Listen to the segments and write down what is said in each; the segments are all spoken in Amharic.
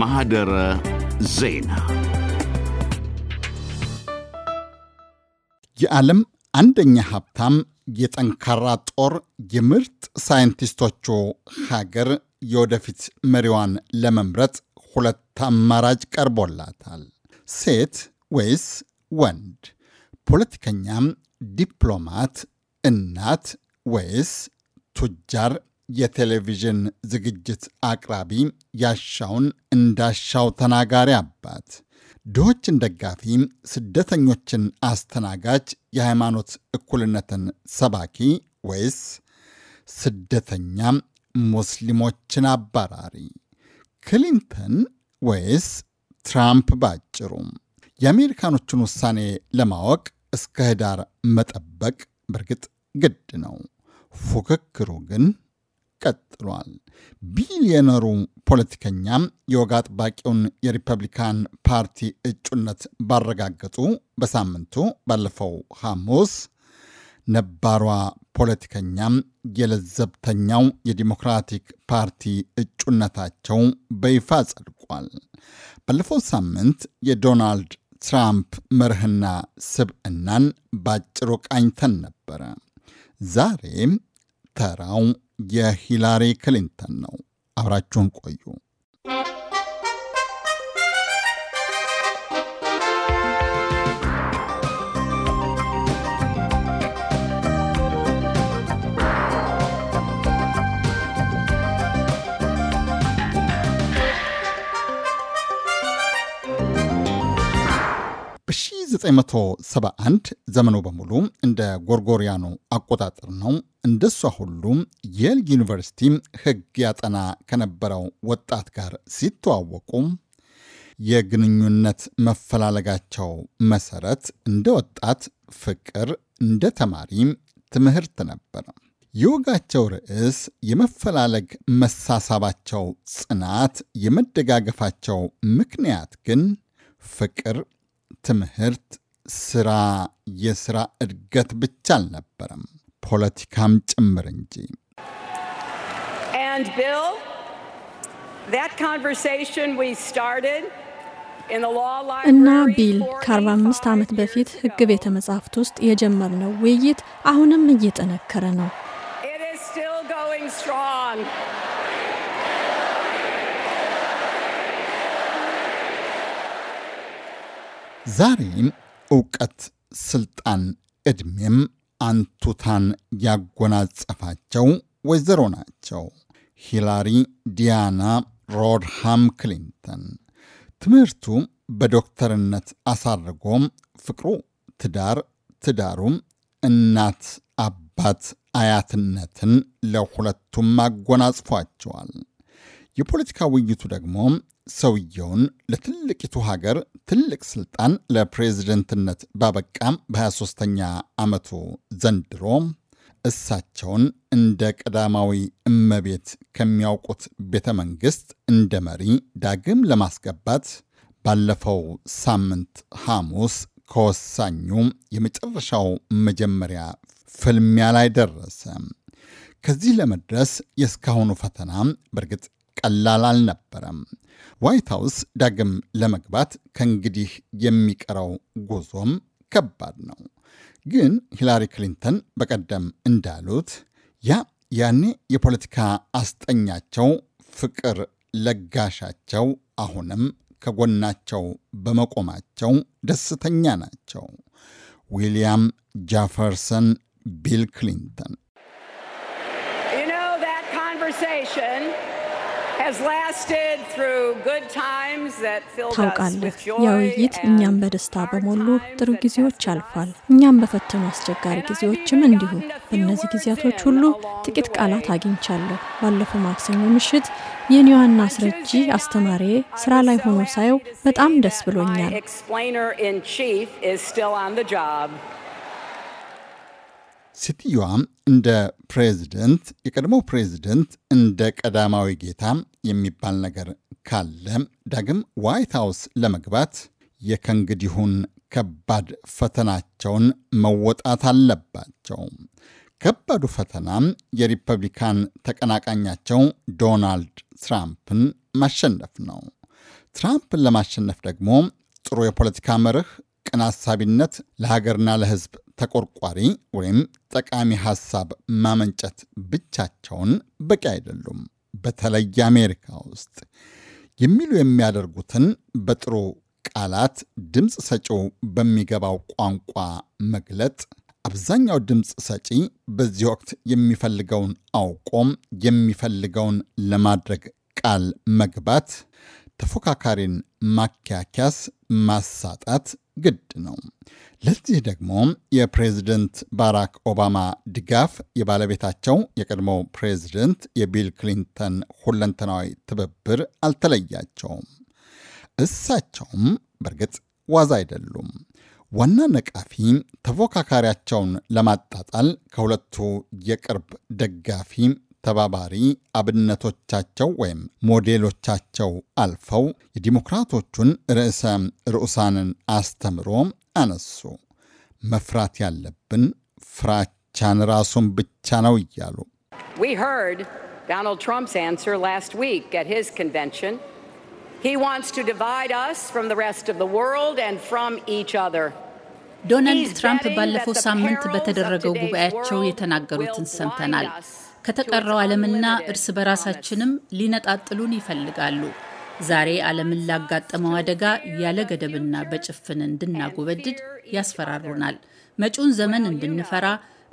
ማህደረ ዜና የዓለም አንደኛ ሀብታም የጠንካራ ጦር የምርጥ ሳይንቲስቶቹ ሀገር የወደፊት መሪዋን ለመምረጥ ሁለት አማራጭ ቀርቦላታል። ሴት ወይስ ወንድ? ፖለቲከኛም፣ ዲፕሎማት፣ እናት ወይስ ቱጃር የቴሌቪዥን ዝግጅት አቅራቢ ያሻውን እንዳሻው ተናጋሪ አባት፣ ድሆችን ደጋፊ፣ ስደተኞችን አስተናጋጅ፣ የሃይማኖት እኩልነትን ሰባኪ ወይስ ስደተኛ ሙስሊሞችን አባራሪ? ክሊንተን ወይስ ትራምፕ? ባጭሩ የአሜሪካኖቹን ውሳኔ ለማወቅ እስከ ህዳር መጠበቅ በርግጥ ግድ ነው። ፉክክሩ ግን ቀጥሏል። ቢሊዮነሩ ፖለቲከኛም የወግ አጥባቂውን የሪፐብሊካን ፓርቲ እጩነት ባረጋገጡ በሳምንቱ ባለፈው ሐሙስ ነባሯ ፖለቲከኛም የለዘብተኛው የዲሞክራቲክ ፓርቲ እጩነታቸው በይፋ ጸድቋል። ባለፈው ሳምንት የዶናልድ ትራምፕ መርህና ስብዕናን ባጭሩ ቃኝተን ነበረ። ዛሬም ተራው የሂላሪ ክሊንተን ነው። አብራችሁን ቆዩ። 1971 ዘመኑ በሙሉ እንደ ጎርጎሪያኑ አቆጣጠር ነው። እንደሷ ሁሉም የል ዩኒቨርሲቲ ሕግ ያጠና ከነበረው ወጣት ጋር ሲተዋወቁ የግንኙነት መፈላለጋቸው መሰረት እንደ ወጣት ፍቅር፣ እንደ ተማሪ ትምህርት ነበረ። የወጋቸው ርዕስ የመፈላለግ መሳሳባቸው ጽናት፣ የመደጋገፋቸው ምክንያት ግን ፍቅር ትምህርት፣ ስራ፣ የስራ እድገት ብቻ አልነበረም፣ ፖለቲካም ጭምር እንጂ። እና ቢል ከ45 ዓመት በፊት ህግ ቤተ መጻሕፍት ውስጥ የጀመርነው ውይይት አሁንም እየጠነከረ ነው። ዛሬም እውቀት፣ ስልጣን፣ ዕድሜም አንቱታን ያጎናጸፋቸው ወይዘሮ ናቸው። ሂላሪ ዲያና ሮድሃም ክሊንተን። ትምህርቱ በዶክተርነት አሳርጎም ፍቅሩ ትዳር፣ ትዳሩም እናት አባት አያትነትን ለሁለቱም አጎናጽፏቸዋል። የፖለቲካ ውይይቱ ደግሞ ሰውየውን ለትልቂቱ ሀገር ትልቅ ስልጣን ለፕሬዝደንትነት ባበቃም በ23ኛ ዓመቱ ዘንድሮ እሳቸውን እንደ ቀዳማዊ እመቤት ከሚያውቁት ቤተ መንግሥት እንደ መሪ ዳግም ለማስገባት ባለፈው ሳምንት ሐሙስ ከወሳኙ የመጨረሻው መጀመሪያ ፍልሚያ ላይ ደረሰ። ከዚህ ለመድረስ የእስካሁኑ ፈተና በእርግጥ ቀላል አልነበረም። ዋይት ሀውስ ዳግም ለመግባት ከእንግዲህ የሚቀረው ጉዞም ከባድ ነው። ግን ሂላሪ ክሊንተን በቀደም እንዳሉት ያ ያኔ የፖለቲካ አስጠኛቸው ፍቅር ለጋሻቸው አሁንም ከጎናቸው በመቆማቸው ደስተኛ ናቸው። ዊልያም ጃፈርሰን ቢል ክሊንተን ታውቃለህ፣ ያ ውይይት እኛም በደስታ በሞሉ ጥሩ ጊዜዎች አልፏል። እኛም በፈተኑ አስቸጋሪ ጊዜዎችም እንዲሁ። በእነዚህ ጊዜያቶች ሁሉ ጥቂት ቃላት አግኝቻለሁ። ባለፈው ማክሰኞ ምሽት የኔ ዋና አስረጂ አስተማሪ ስራ ላይ ሆኖ ሳየው በጣም ደስ ብሎኛል። ሴትዮዋም እንደ ፕሬዚደንት የቀድሞ ፕሬዚደንት እንደ ቀዳማዊ ጌታ የሚባል ነገር ካለ ዳግም ዋይት ሀውስ ለመግባት የከእንግዲሁን ከባድ ፈተናቸውን መወጣት አለባቸው። ከባዱ ፈተና የሪፐብሊካን ተቀናቃኛቸው ዶናልድ ትራምፕን ማሸነፍ ነው። ትራምፕን ለማሸነፍ ደግሞ ጥሩ የፖለቲካ መርህ ቅን አሳቢነት ለሀገርና ለሕዝብ ተቆርቋሪ ወይም ጠቃሚ ሀሳብ ማመንጨት ብቻቸውን በቂ አይደሉም። በተለይ አሜሪካ ውስጥ የሚሉ የሚያደርጉትን በጥሩ ቃላት ድምፅ ሰጪው በሚገባው ቋንቋ መግለጥ አብዛኛው ድምፅ ሰጪ በዚህ ወቅት የሚፈልገውን አውቆም የሚፈልገውን ለማድረግ ቃል መግባት፣ ተፎካካሪን ማኪያኪያስ፣ ማሳጣት፣ ግድ ነው። ለዚህ ደግሞ የፕሬዝደንት ባራክ ኦባማ ድጋፍ፣ የባለቤታቸው የቀድሞው ፕሬዝደንት የቢል ክሊንተን ሁለንተናዊ ትብብር አልተለያቸውም። እሳቸውም በእርግጥ ዋዛ አይደሉም። ዋና ነቃፊ ተፎካካሪያቸውን ለማጣጣል ከሁለቱ የቅርብ ደጋፊ ተባባሪ አብነቶቻቸው ወይም ሞዴሎቻቸው አልፈው የዲሞክራቶቹን ርዕሰ ርዑሳንን አስተምሮ አነሱ። መፍራት ያለብን ፍራቻን ራሱን ብቻ ነው እያሉ ዶናልድ ትራምፕ ባለፈው ሳምንት በተደረገው ጉባኤያቸው የተናገሩትን ሰምተናል። ከተቀረው ዓለምና እርስ በራሳችንም ሊነጣጥሉን ይፈልጋሉ። ዛሬ ዓለምን ላጋጠመው አደጋ ያለ ገደብና በጭፍን እንድናጎበድድ ያስፈራሩናል። መጪውን ዘመን እንድንፈራ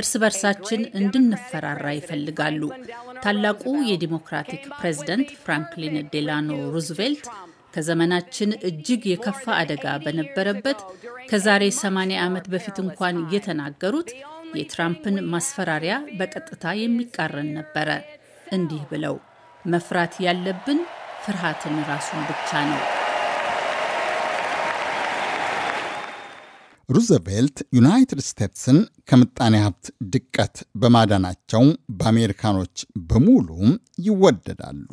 እርስ በርሳችን እንድንፈራራ ይፈልጋሉ። ታላቁ የዲሞክራቲክ ፕሬዝደንት ፍራንክሊን ዴላኖ ሩዝቬልት ከዘመናችን እጅግ የከፋ አደጋ በነበረበት ከዛሬ 80 ዓመት በፊት እንኳን የተናገሩት የትራምፕን ማስፈራሪያ በቀጥታ የሚቃረን ነበረ። እንዲህ ብለው መፍራት ያለብን ፍርሃትን ራሱን ብቻ ነው። ሩዘቬልት ዩናይትድ ስቴትስን ከምጣኔ ሀብት ድቀት በማዳናቸው በአሜሪካኖች በሙሉ ይወደዳሉ።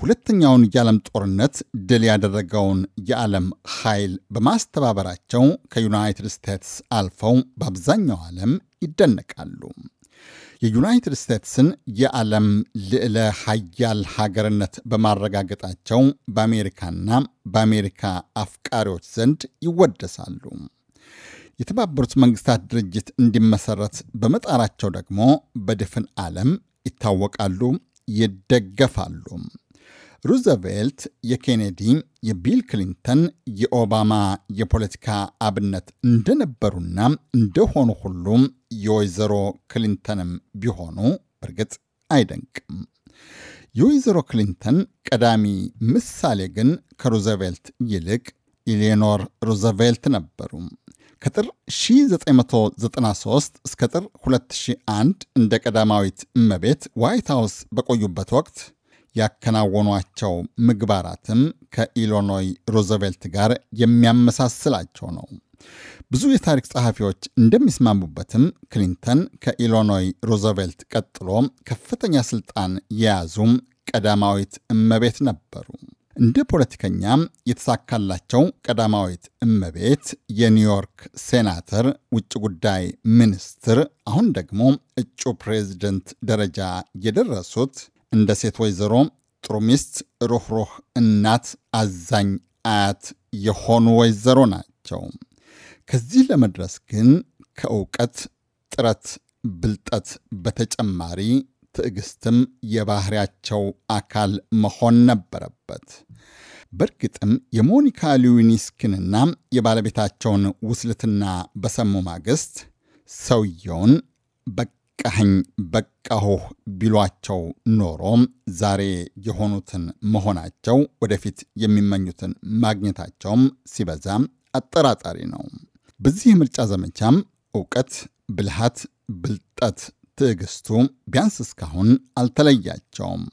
ሁለተኛውን የዓለም ጦርነት ድል ያደረገውን የዓለም ኃይል በማስተባበራቸው ከዩናይትድ ስቴትስ አልፈው በአብዛኛው ዓለም ይደነቃሉ። የዩናይትድ ስቴትስን የዓለም ልዕለ ሀያል ሀገርነት በማረጋገጣቸው በአሜሪካና በአሜሪካ አፍቃሪዎች ዘንድ ይወደሳሉ። የተባበሩት መንግስታት ድርጅት እንዲመሰረት በመጣራቸው ደግሞ በድፍን ዓለም ይታወቃሉ፣ ይደገፋሉ። ሩዘቬልት የኬኔዲ የቢል ክሊንተን የኦባማ የፖለቲካ አብነት እንደነበሩና እንደሆኑ ሁሉም የወይዘሮ ክሊንተንም ቢሆኑ በእርግጥ አይደንቅም። የወይዘሮ ክሊንተን ቀዳሚ ምሳሌ ግን ከሩዘቬልት ይልቅ ኢሌኖር ሩዘቬልት ነበሩ። ከጥር 1993 እስከ ጥር 2001 እንደ ቀዳማዊት እመቤት ዋይት ሃውስ በቆዩበት ወቅት ያከናወኗቸው ምግባራትም ከኢሎኖይ ሮዘቬልት ጋር የሚያመሳስላቸው ነው። ብዙ የታሪክ ጸሐፊዎች እንደሚስማሙበትም ክሊንተን ከኢሎኖይ ሮዘቬልት ቀጥሎ ከፍተኛ ስልጣን የያዙም ቀዳማዊት እመቤት ነበሩ። እንደ ፖለቲከኛም የተሳካላቸው ቀዳማዊት እመቤት የኒውዮርክ ሴናተር፣ ውጭ ጉዳይ ሚኒስትር፣ አሁን ደግሞ እጩ ፕሬዚደንት ደረጃ የደረሱት እንደ ሴት ወይዘሮ ጥሩ ሚስት፣ ሩኅሩኅ እናት፣ አዛኝ አያት የሆኑ ወይዘሮ ናቸው። ከዚህ ለመድረስ ግን ከእውቀት ጥረት፣ ብልጠት በተጨማሪ ትዕግስትም የባህሪያቸው አካል መሆን ነበረበት። በእርግጥም የሞኒካ ሊዊኒስኪንና የባለቤታቸውን ውስልትና በሰሙ ማግስት ሰውየውን በቃ በቃኸኝ በቃሁህ ቢሏቸው ኖሮም ዛሬ የሆኑትን መሆናቸው ወደፊት የሚመኙትን ማግኘታቸውም ሲበዛ አጠራጣሪ ነው። በዚህ ምርጫ ዘመቻም እውቀት፣ ብልሃት፣ ብልጠት፣ ትዕግስቱ ቢያንስ እስካሁን አልተለያቸውም።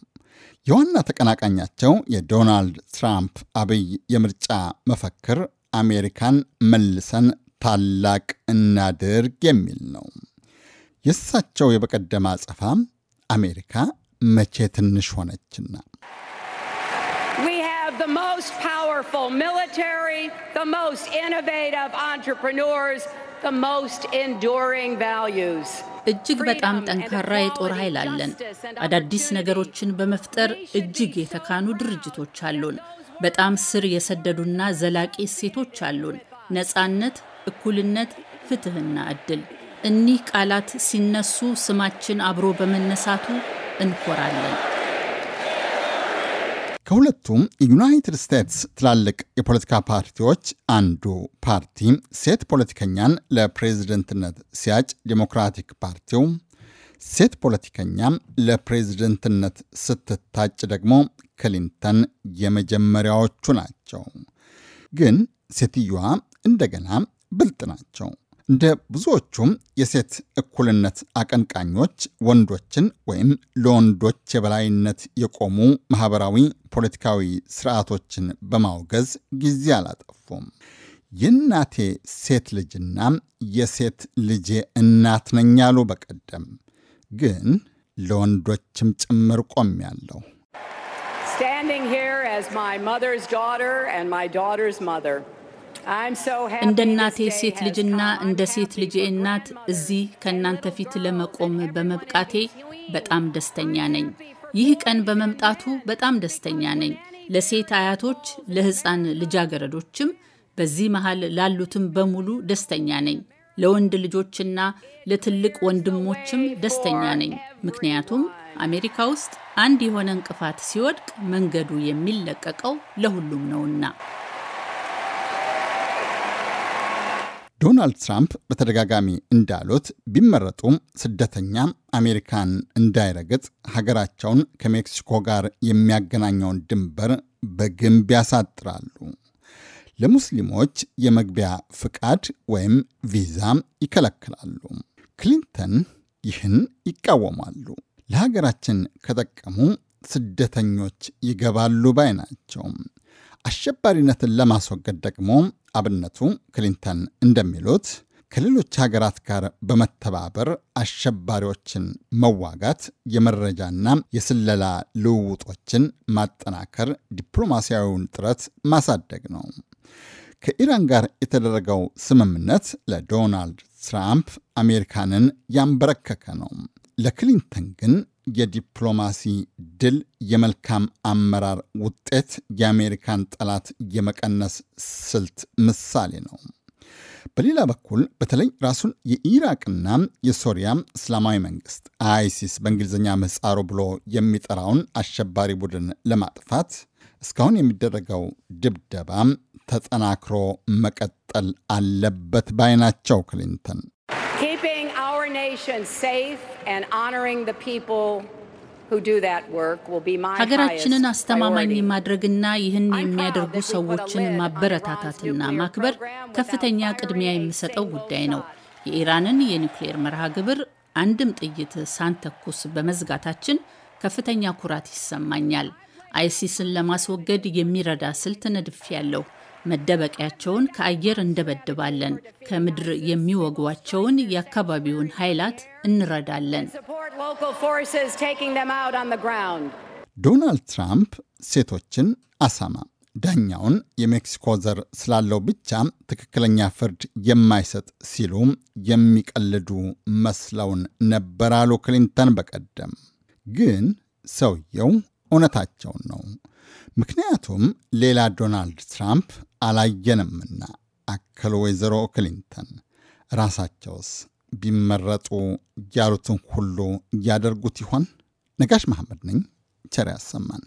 የዋና ተቀናቃኛቸው የዶናልድ ትራምፕ አብይ የምርጫ መፈክር አሜሪካን መልሰን ታላቅ እናድርግ የሚል ነው። የእሳቸው የበቀደማ አጸፋም አሜሪካ መቼ ትንሽ ሆነችና እጅግ በጣም ጠንካራ የጦር ኃይል አለን። አዳዲስ ነገሮችን በመፍጠር እጅግ የተካኑ ድርጅቶች አሉን። በጣም ስር የሰደዱና ዘላቂ እሴቶች አሉን። ነፃነት፣ እኩልነት፣ ፍትህና እድል። እኒህ ቃላት ሲነሱ ስማችን አብሮ በመነሳቱ እንኮራለን። ከሁለቱም የዩናይትድ ስቴትስ ትላልቅ የፖለቲካ ፓርቲዎች አንዱ ፓርቲ ሴት ፖለቲከኛን ለፕሬዝደንትነት ሲያጭ፣ ዴሞክራቲክ ፓርቲው ሴት ፖለቲከኛ ለፕሬዝደንትነት ስትታጭ ደግሞ ክሊንተን የመጀመሪያዎቹ ናቸው። ግን ሴትዮዋ እንደገና ብልጥ ናቸው። እንደ ብዙዎቹም የሴት እኩልነት አቀንቃኞች ወንዶችን ወይም ለወንዶች የበላይነት የቆሙ ማህበራዊ፣ ፖለቲካዊ ስርዓቶችን በማውገዝ ጊዜ አላጠፉም። የእናቴ ሴት ልጅና የሴት ልጄ እናት ነኝ ያሉ በቀደም ግን ለወንዶችም ጭምር ቆም ያለው Standing here as my mother's daughter and my daughter's mother. እንደ እናቴ ሴት ልጅና እንደ ሴት ልጄ እናት እዚህ ከእናንተ ፊት ለመቆም በመብቃቴ በጣም ደስተኛ ነኝ። ይህ ቀን በመምጣቱ በጣም ደስተኛ ነኝ። ለሴት አያቶች፣ ለሕፃን ልጃገረዶችም፣ በዚህ መሃል ላሉትም በሙሉ ደስተኛ ነኝ። ለወንድ ልጆችና ለትልቅ ወንድሞችም ደስተኛ ነኝ። ምክንያቱም አሜሪካ ውስጥ አንድ የሆነ እንቅፋት ሲወድቅ መንገዱ የሚለቀቀው ለሁሉም ነውና። ዶናልድ ትራምፕ በተደጋጋሚ እንዳሉት ቢመረጡም ስደተኛ አሜሪካን እንዳይረግጥ ሀገራቸውን ከሜክሲኮ ጋር የሚያገናኘውን ድንበር በግንብ ያሳጥራሉ። ለሙስሊሞች የመግቢያ ፍቃድ ወይም ቪዛ ይከለክላሉ። ክሊንተን ይህን ይቃወማሉ። ለሀገራችን ከጠቀሙ ስደተኞች ይገባሉ ባይ ናቸው። አሸባሪነትን ለማስወገድ ደግሞ አብነቱ ክሊንተን እንደሚሉት ከሌሎች ሀገራት ጋር በመተባበር አሸባሪዎችን መዋጋት፣ የመረጃና የስለላ ልውውጦችን ማጠናከር፣ ዲፕሎማሲያዊውን ጥረት ማሳደግ ነው። ከኢራን ጋር የተደረገው ስምምነት ለዶናልድ ትራምፕ አሜሪካንን ያንበረከከ ነው። ለክሊንተን ግን የዲፕሎማሲ ድል፣ የመልካም አመራር ውጤት፣ የአሜሪካን ጠላት የመቀነስ ስልት ምሳሌ ነው። በሌላ በኩል በተለይ ራሱን የኢራቅና የሶሪያ እስላማዊ መንግስት አይሲስ በእንግሊዝኛ ምህፃሩ ብሎ የሚጠራውን አሸባሪ ቡድን ለማጥፋት እስካሁን የሚደረገው ድብደባ ተጠናክሮ መቀጠል አለበት ባይ ናቸው ክሊንተን። ሀገራችንን አስተማማኝ የማድረግና ይህን የሚያደርጉ ሰዎችን ማበረታታትና ማክበር ከፍተኛ ቅድሚያ የምሰጠው ጉዳይ ነው። የኢራንን የኒውክሌር መርሃ ግብር አንድም ጥይት ሳንተኩስ በመዝጋታችን ከፍተኛ ኩራት ይሰማኛል። አይሲስን ለማስወገድ የሚረዳ ስልት ያለው። መደበቂያቸውን ከአየር እንደበድባለን፣ ከምድር የሚወጓቸውን የአካባቢውን ኃይላት እንረዳለን። ዶናልድ ትራምፕ ሴቶችን አሳማ ዳኛውን የሜክሲኮ ዘር ስላለው ብቻ ትክክለኛ ፍርድ የማይሰጥ ሲሉ የሚቀልዱ መስለውን ነበር አሉ ክሊንተን በቀደም። ግን ሰውየው እውነታቸውን ነው። ምክንያቱም ሌላ ዶናልድ ትራምፕ አላየንምና፣ አከሉ ወይዘሮ ክሊንተን። ራሳቸውስ ቢመረጡ ያሉትን ሁሉ ያደርጉት ይሆን? ነጋሽ መሐመድ ነኝ። ቸር ያሰማን።